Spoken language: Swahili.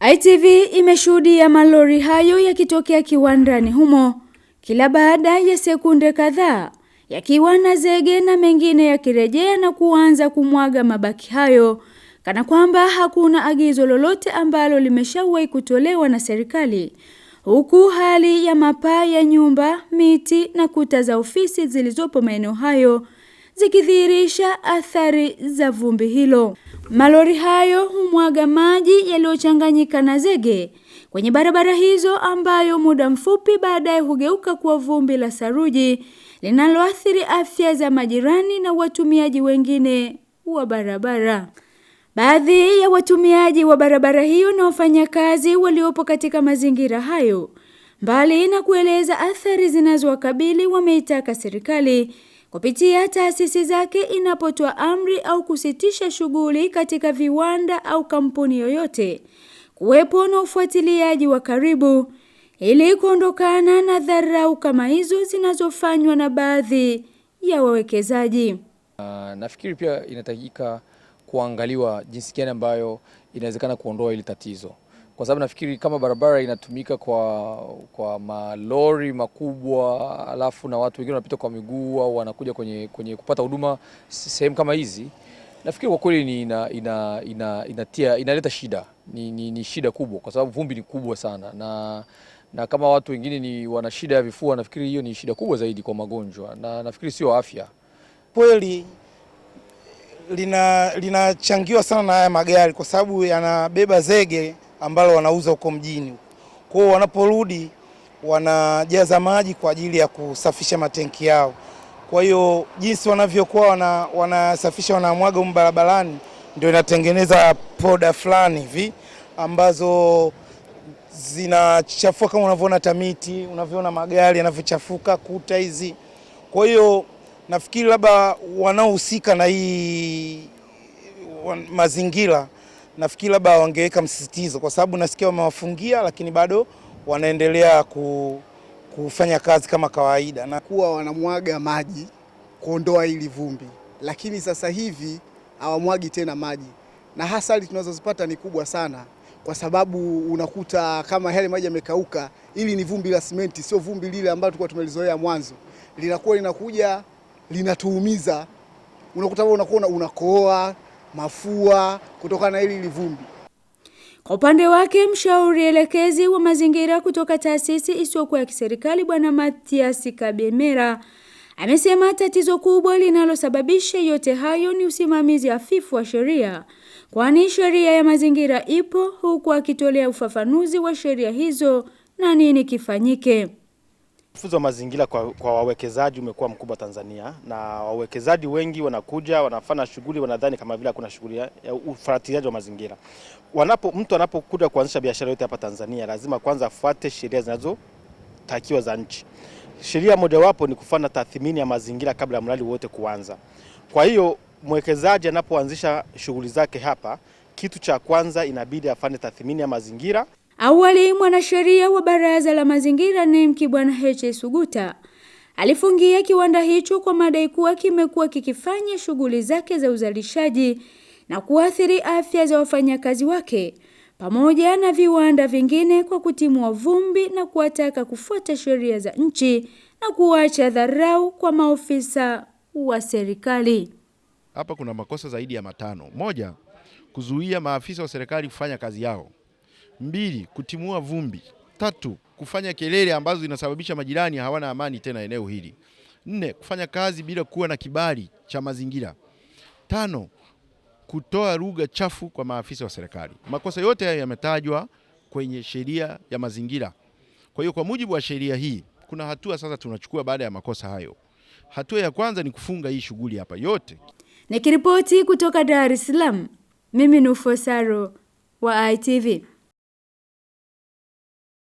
ITV imeshuhudia malori hayo yakitokea kiwandani humo kila baada ya sekunde kadhaa yakiwa na zege na mengine yakirejea na kuanza kumwaga mabaki hayo kana kwamba hakuna agizo lolote ambalo limeshawahi kutolewa na serikali, huku hali ya mapaa ya nyumba, miti na kuta za ofisi zilizopo maeneo hayo zikidhihirisha athari za vumbi hilo. Malori hayo humwaga maji yaliyochanganyika na zege kwenye barabara hizo ambayo muda mfupi baadaye hugeuka kuwa vumbi la saruji linaloathiri afya za majirani na watumiaji wengine wa barabara. Baadhi ya watumiaji wa barabara hiyo na wafanyakazi waliopo katika mazingira hayo, mbali na kueleza athari zinazowakabili, wameitaka serikali kupitia taasisi zake inapotoa amri au kusitisha shughuli katika viwanda au kampuni yoyote. Kuwepo na ufuatiliaji wa karibu ili kuondokana na dharau kama hizo zinazofanywa na baadhi ya wawekezaji. Uh, nafikiri pia inatakika kuangaliwa jinsi gani ambayo inawezekana kuondoa hili tatizo kwa sababu nafikiri kama barabara inatumika kwa, kwa malori makubwa alafu na watu wengine wanapita kwa miguu au wanakuja kwenye, kwenye kupata huduma sehemu kama hizi, nafikiri kwa kweli ni ina, ina, ina, inatia inaleta shida ni, ni, ni shida kubwa, kwa sababu vumbi ni kubwa sana na, na kama watu wengine ni wana shida ya vifua, nafikiri hiyo ni shida kubwa zaidi kwa magonjwa na nafikiri sio afya kweli linachangiwa lina sana na haya magari kwa sababu yanabeba zege ambalo wanauza huko mjini. Kwa hiyo wanaporudi wanajaza maji kwa ajili ya kusafisha matenki yao. Kwa hiyo jinsi wanavyokuwa wana, wanasafisha wanamwaga huko barabarani ndio inatengeneza poda fulani hivi ambazo zinachafua kama unavyoona tamiti, unavyoona magari yanavyochafuka, kuta hizi. Kwa hiyo nafikiri labda wanaohusika na hii mazingira nafikiri labda wangeweka msisitizo, kwa sababu nasikia wamewafungia, lakini bado wanaendelea ku, kufanya kazi kama kawaida na kuwa wanamwaga maji kuondoa hili vumbi, lakini sasa hivi hawamwagi tena maji, na hasara tunazozipata ni kubwa sana, kwa sababu unakuta kama yale maji yamekauka, ili ni vumbi la simenti, sio vumbi lile ambalo tulikuwa tumelizoea mwanzo, linakuwa linakuja linatuumiza, unakuta unakuwa unakooa mafua kutokana na hili livumbi. Kwa upande wake mshauri elekezi wa mazingira kutoka taasisi isiyokuwa ya kiserikali Bwana Matias Kabemera amesema tatizo kubwa linalosababisha yote hayo ni usimamizi hafifu wa sheria, kwani sheria ya mazingira ipo, huku akitolea ufafanuzi wa sheria hizo na nini kifanyike. Uchafuzi wa mazingira kwa, kwa wawekezaji umekuwa mkubwa Tanzania, na wawekezaji wengi wanakuja wanafanya shughuli, wanadhani kama vile kuna shughuli ya ufuatiliaji wa mazingira. Wanapo mtu anapokuja kuanzisha biashara yote hapa Tanzania, lazima kwanza afuate sheria zinazotakiwa za nchi. Sheria mojawapo ni kufanya tathmini ya mazingira kabla ya mradi wote kuanza. Kwa hiyo mwekezaji anapoanzisha shughuli zake hapa, kitu cha kwanza inabidi afanye tathmini ya mazingira. Awali mwanasheria wa Baraza la Mazingira NEMC Bwana Heche Suguta alifungia kiwanda hicho kwa madai kuwa kimekuwa kikifanya shughuli zake za uzalishaji na kuathiri afya za wafanyakazi wake pamoja na viwanda vingine kwa kutimua vumbi na kuwataka kufuata sheria za nchi na kuacha dharau kwa maofisa wa serikali. Hapa kuna makosa zaidi ya matano. Moja, kuzuia maafisa wa serikali kufanya kazi yao mbili, kutimua vumbi; tatu, kufanya kelele ambazo zinasababisha majirani hawana amani tena eneo hili; nne, kufanya kazi bila kuwa na kibali cha mazingira; tano, kutoa lugha chafu kwa maafisa wa serikali. Makosa yote hayo yametajwa kwenye sheria ya mazingira. Kwa hiyo kwa mujibu wa sheria hii kuna hatua sasa tunachukua baada ya makosa hayo. Hatua ya kwanza ni kufunga hii shughuli hapa yote. Nikiripoti kutoka Dar es Salaam, mimi ni Ufosaro wa ITV.